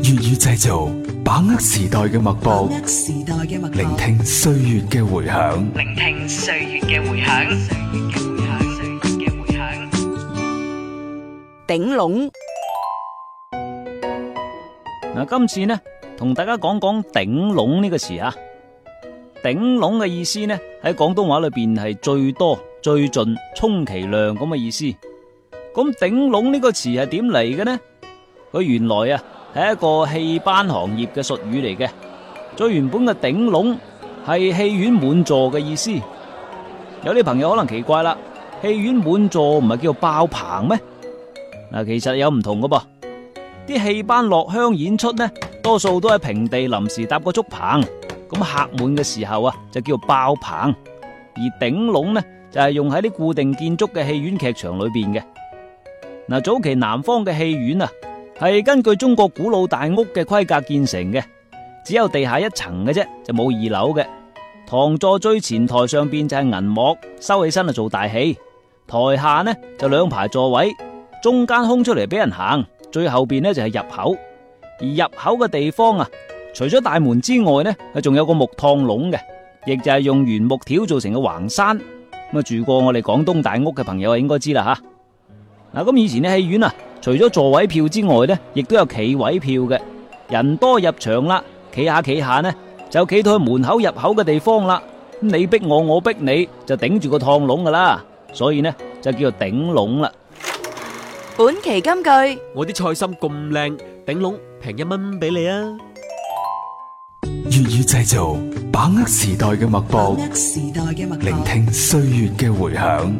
粵語製造，把握時代嘅脈搏，脈搏聆聽歲月嘅回響。聆聽歲月嘅回響。嘅回響。嘅回響。頂櫳嗱，今次呢，同大家講講頂櫳呢個詞啊。頂櫳嘅意思呢，喺廣東話裏邊係最多、最盡、充其量咁嘅意思。咁頂櫳呢個詞係點嚟嘅呢？佢原來啊。係一個戲班行業嘅術語嚟嘅，最原本嘅頂櫳係戲院滿座嘅意思。有啲朋友可能奇怪啦，戲院滿座唔係叫爆棚咩？嗱，其實有唔同嘅噃，啲戲班落鄉演出呢，多數都喺平地臨時搭個竹棚，咁客滿嘅時候啊，就叫爆棚。而頂櫳呢，就係用喺啲固定建築嘅戲院劇場裏邊嘅。嗱，早期南方嘅戲院啊，係根據中國古老大屋嘅規格建成嘅，只有地下一層嘅啫，就冇二樓嘅。堂座最前台上邊就係銀幕，收起身啊做大戲。台下呢就兩排座位，中間空出嚟俾人行，最後邊呢就係、是、入口。而入口嘅地方啊，除咗大門之外呢，佢仲有一個木趟櫳嘅，亦就係用圓木條做成嘅橫栅。咁啊，住過我哋廣東大屋嘅朋友應該知啦吓。嗱、啊，咁以前嘅戲院啊。除咗座位票之外呢，亦都有企位票嘅。人多入場啦，企下企下呢，就企到去門口入口嘅地方啦。咁你逼我，我逼你，就頂住個趟栊噶啦。所以呢，就叫做頂栊啦。本期金句：我啲菜心咁靚，頂栊平一蚊俾你啊！粵語製造，把握時代嘅脈搏，聆聽歲月嘅回響。